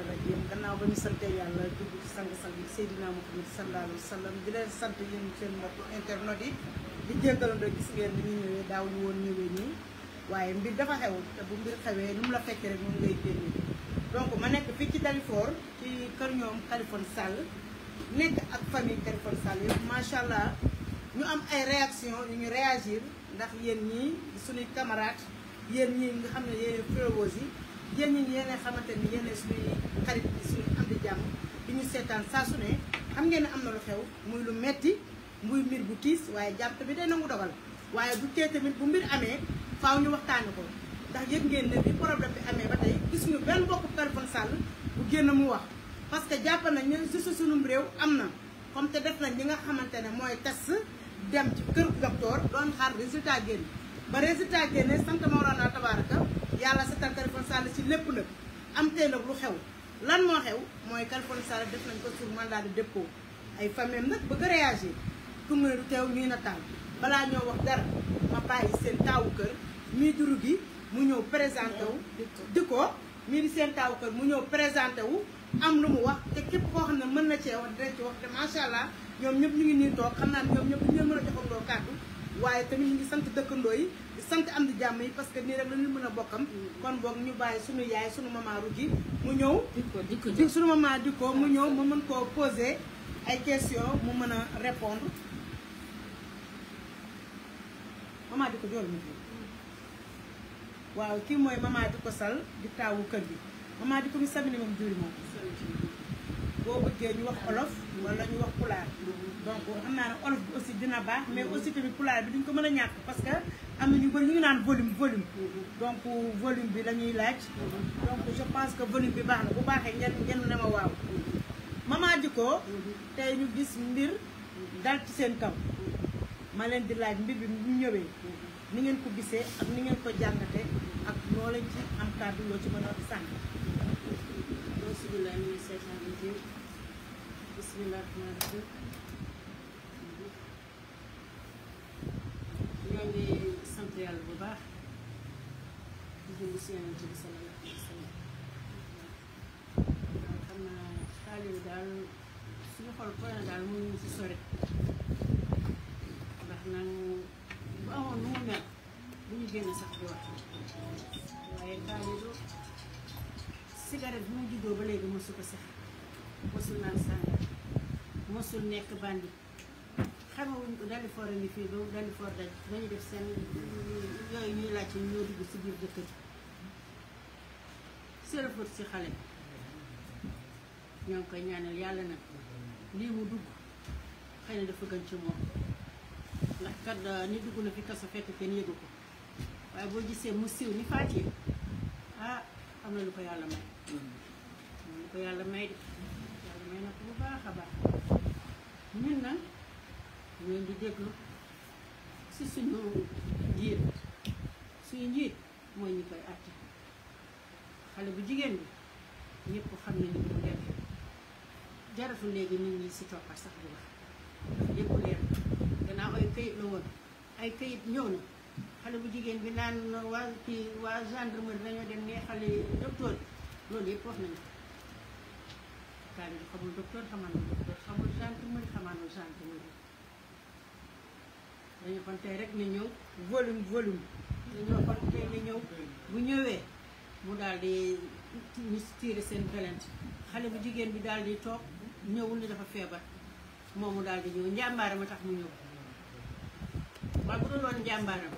seytaane rajiim gannaaw ba ñu sante yàlla dugg ci sang-sang yi Seydina Muhammad sallallahu alayhi di leen sant yéen seen mbokku internet yi di jéggalandoo gis ngeen ni ñu ñëwee daaw woon ñëwee nii waaye mbir dafa xew te bu mbir xewee nu mu la fekkee rek moom ngay génne donc ma nekk fii ci Dalifort ci kër ñoom Kaliphone Sall nekk ak famille Kaliphone Sall yëpp macha allah ñu am ay réaction yu ñu réagir ndax yéen ñii suñuy camarades yéen ñii nga xam ne yéen férovois yi yéen ñi yéen xamante ni yéen suñuy xarit bi suñu am di jàmm bi ñu seetaan saa su ne xam ngeen ne am na lu xew muy lu metti muy mbir bu kiis waaye jàmm tamit day nangu dogal waaye bu tee tamit bu mbir amee faaw ñu waxtaani ko ndax yëg ngeen ne bi problème bi amee ba tey gisuñu benn mbokku Khalifa Sall bu génn mu wax parce que jàpp nañ ne juste sunum réew am na comme te def nañ ñi nga xamante ne mooy test dem ci kër docteur doon xaar résultat génn ba résultat génne sant Maolana Tabaraka yàlla setal Kaliphone Sall ci lépp nag am tey nag lu xew lan moo xew mooy Kaliphone Sall def nañ ko sur laa de dépôt ay famille nag bëgg a réagir tungane du teew ñuy nataal balaa ñoo wax dara ma bàyyi seen taawu kër mii duru gi mu ñëw présente wu di ko mii di seen taawu kër mu ñëw présente wu am lu mu wax te képp koo xam ne mën na cee wax dina ci wax te macha allah ñoom ñëpp ñu ngi nii toog xam naa ne ñoom ñëpp ñu leen mën a joxandoo waaye tamit ñu ngi sant dëkkandoo yi di sant am di jàmm yi parce que nii rek la ñu mën a bokkam kon boog ñu bàyyi suñu yaay suñu maman Rugi mu ñëw di suñu maman Dikko mu ñëw mu mën koo poser ay question mu mën a répondre maman Dikko joor mu waaw kii mooy maman ko Sall di taawu kër gi maman Dikko mi sabini moom juri moom boo bëggee ñu wax olof wala ñu wax pulaar donc xam naa ne olof bi aussi dina baax mais mm-hmm. aussi tamit pulaar bi duñ ko mën a ñàkk parce que am na ñu bëri ñu ngi naan volume volume mm-hmm. donc volume bi la ñuy laaj mm-hmm. donc je pense que volume bi baax na bu baaxee ngeen ngeen ne ma waaw Maman ko tey ñu gis mbir dal ci seen kam ma leen di laaj mbir bi ñu ñëwee ni ngeen ko gisee ak ni ngeen ko jàngate ak noo leen ci am kàddu yoo ci mën a sànni bisimilah ñu ngi seetaan di jëm bisimilah maa ngi jëm ñoo ngi sant yàlla bu baax di jëm si yeneen bi sallallahu alayhi wa sallam waaw xam naa daal suñu xol koy na daal mënuñu si sore ndax nag bu nu mu mel bu ñu sax di wax waaye taalim cigare bi mu juddoo ba léegi mosu ko sax mosul naan sàngara mosul nekk bandi xamawuñ ko dalifoor a ngi fii ba dalifoor daj dañu def seen yooyu ñuy laajte ñoo dugg si biir dëkk bi sërëfët si xale ñoo ngi koy ñaanal yàlla nag lii mu dugg xëy na dafa gën ci moom ndax kat euh, ni dugg na fi kaso fekk kenn yëgu ko waaye boo gisee mu siiw ni fàccee ah am na lu ko yàlla may am na ko bu baax a baax ñun nag di déglu si suñu njiit suñu njiit mooy ñi koy àtte xale bu jigéen bi ñëpp xam nañu ni mu demee jaratu léegi nit ñi si toppal sax di wax lépp leer gannaaw ay këyit la woon ay këyit ñëw na xale bu jigéen bi naan waa kii waa gendarmerie dañoo dem ne xale docteur loolu yëpp wax nañu kaay bi xamul docteur xamaanul docteur xamul gendarmerie xamaanul gendarmerie dañu kon tey rek na ñëw volume volume dañoo kon tey na ñëw bu ñëwee mu daal di ñu tiire seen plainte xale bu jigéen bi daal di toog ñëwul ni dafa feebar moomu daal di ñëw njàmbaaram a tax mu ñëw waaw bu dul woon njàmbaaram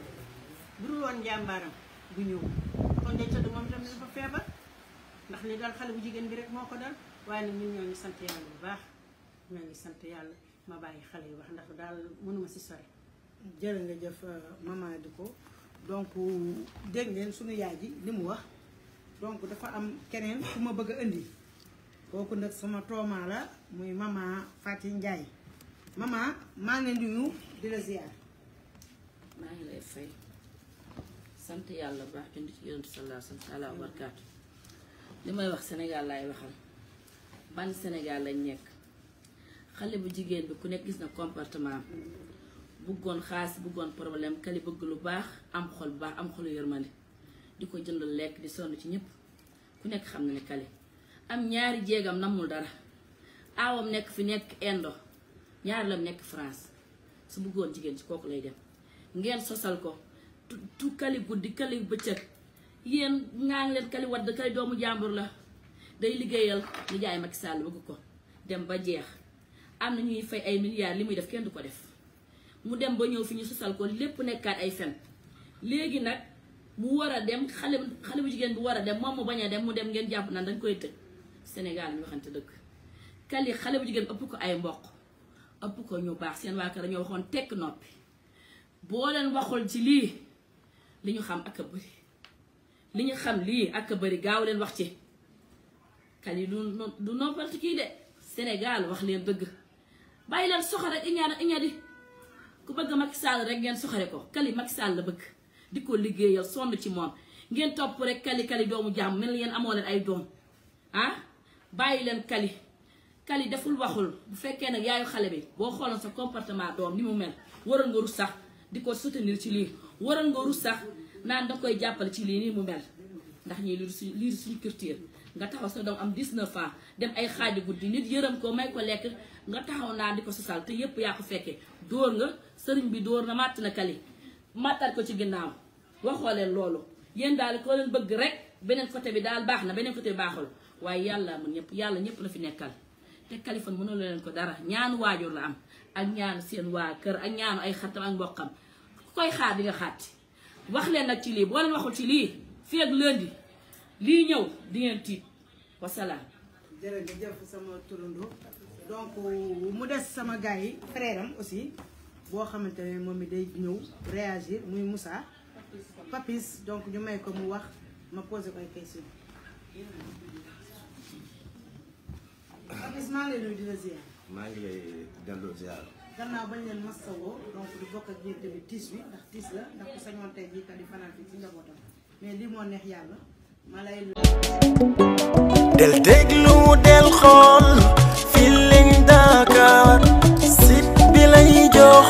bu dul woon njàmbaaram bu ñëw kon day tëdd moom tamit dafa feebar ndax li daal xale bu jigéen bi rek moo ko dal waaye nag ñun ñoo sant yàlla bu baax ñoo ngi sant yàlla ma bàyyi xale yi wax ndax daal mënuma si sore jërë nga jëf euh, maman di ko donc dégg ngeen suñu yaay ji li mu wax donc dafa am keneen ku ma bëgg indi kooku nag sama toomaa la muy maman Faty Ndiaye maman maa ngi leen di nuyu maa ngi lay fay sant yàlla baax jundi ci yonent sallallahu alayhi wa barakaatu li may wax Sénégal laay ban Sénégal lañ nekk xale bu jigéen bi ku nekk gis na comportement bëggoon xaalis bëggoon problème kali bëgg lu baax am xol bu baax am xolu yërmande di ko jënd lekk di sonn ci ñëpp ku nekk xam na ne kali am ñaari jéegam namul dara aawam nekk fi nekk Indo ñaari lam nekk France su bëggoon jigéen ci kooku lay dem ngeen sosal ko tu kali guddi kali bëccëg yéen ngaa ngi leen kali wadd kali doomu jàmbur la day liggéeyal ni jaay Macky Sall bëgg ko dem ba jeex am na ñuy fay ay milliards li muy def kenn du ko def mu dem ba ñëw fi ñu sosal ko lépp nekkaat ay fen léegi nag bu war a dem xale xale bu jigéen bu war a dem moom mu bañ a dem mu dem ngeen jàpp naan dañ koy tëj Sénégal ñu waxante dëgg kali xale bu jigéen ëpp ko ay mboq ëpp ko ñu baax seen waa kër waxoon tekk noppi li ñu xam ak a bëri li ñu xam lii ak a bëri gaaw leen wax ci kan yi du du n'importe qui de Sénégal wax leen dëgg bàyyi leen soxore ak iñaar iñaari ku bëgg Macky Sall rek ngeen soxore ko kali Macky Sall la bëgg di ko liggéeyal sonn ci moom ngeen topp rek kali kali doomu jàmm mel yeen amoo leen ay doom ah bàyyi leen kali kali deful waxul bu fekkee nag yaayu xale bi boo xooloon sa comportement doom ni mu mel waroon nga rus sax di ko soutenir ci lii waral nga rus sax naan da koy jàppale ci lii nii mu mel ndax ñii lii suñu culture nga taxaw sa doom am 19 ans dem ay xaaju guddi nit yërëm ko may ko lekk nga taxaw naa di ko sosal te yépp yaa ko fekkee dóor nga sëriñ bi dóor na màtt na kali màttal ko ci ginnaaw waxoo leen loolu yéen daal koo leen bëgg rek beneen côté bi daal baax na beneen côté bi baaxul waaye yàlla mën ñëpp yàlla ñëpp la fi nekkal te Kaliphone mënul leen ko dara ñaanu waajur la am ak ñaanu seen waa kër ak ñaanu ay xaritam ak mbokkam koy xaar di nga xaati wax leen nag ci lii boo leen waxul ci lii fii ak lundi lii ñëw di ngeen tiit wasalaam. jërëjëf sama turando donc mu des sama gars yi frère am aussi boo xamante ne moom mi day ñëw réagir muy Moussa Papis donc ñu may ko mu wax ma posé ko ay question Papis maa ngi lay nuyu di gannaaw bañ leen massawoo donc la ndax ku mais lii moo yàlla ma lay. del déglu del xool Feeling Dakar site lay jox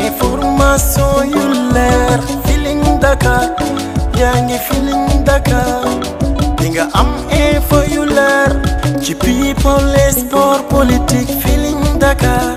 information yu leer Feeling Dakar yaa ngi Feeling Dakar di nga am info yu leer ci people sport politique Feeling Dakar.